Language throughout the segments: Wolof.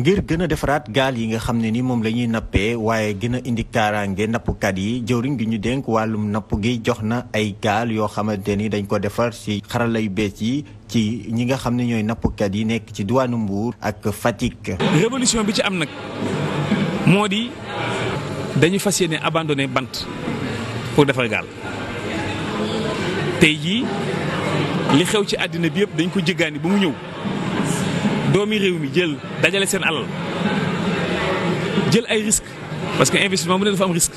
ngir gën a defaraat gaal yi nga xam ne ni moom lañuy nappee waaye gën a indi kaaraange nappkat yi jëwriñ gi ñu dénk wàllum napp gi jox na ay gaal yoo xamante ni dañ ko defar si xarala yu bees yi ci ñi nga xam ne ñooy nappkat yi nekk ci diwaanu Mbour ak Fatick. révolution bi ci am nag moo di dañu fas yéene abandonné bant pour defar gaal tey jii li xew ci àddina bi yëpp dañ ko jéggaani bu mu ñëw. doomi réew mi jël dajale seen alal jël ay risques parce que moom mu ne dafa am risque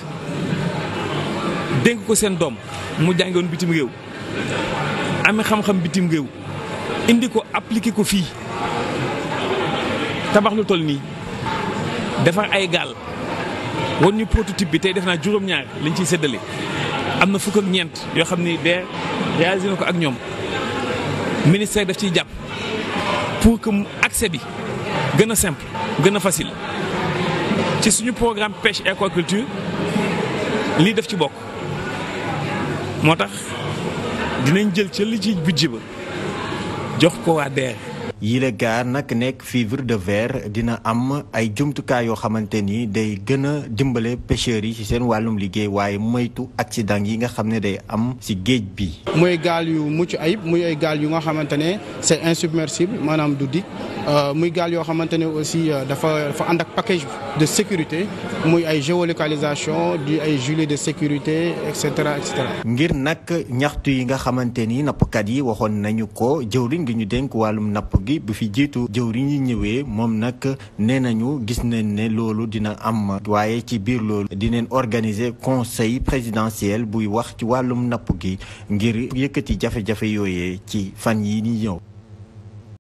dénk ko seen doom mu jàngoon bitim réew amee xam-xam bitim réew indi ko appliqué ko fii tabax lu toll nii defar ay gaal wan ñu prototype bi tey def naa juróom-ñaar lañ ciy séddale am na fukk ak ñeent yoo xam ni de réalisé na ko ak ñoom ministère daf ciy jàpp. pour que accès bi gën a simple gën a facile ci suñu programme pêche aquaculture lii def ci bokk moo tax dinañ jël ca li bu budget jox ko waa DER yile gaar nag nekk fibre de verre dina am ay jumtukaay yoo xamante ni day gën a dimbale pêcheurs yi ci seen wàllum liggéey waaye moytu accident yi nga xam ne day am ci géej bi. muy gaal yu mucc ayib muy ay gaal yu nga xamante ne c'est insubmersible maanaam du dikk euh, muy gaal yoo xamante ne aussi euh, dafa dafa ànd ak package de sécurité muy ay géolocalisation di ay gilet de sécurité et cetera ngir nag ñaxtu yi nga xamante ni nappkat yi waxoon nañu ko jëwriñ ngi ñu dénk wàllum napp bi bu fi jiitu jëw yi ñëwee moom nag nee nañu gis nañ ne loolu dina am waaye ci biir loolu dineen organiser conseil présidentiel buy wax ci wàllum napp gi ngir yëkkati jafe-jafe yooyee ci fan yi ni ñëw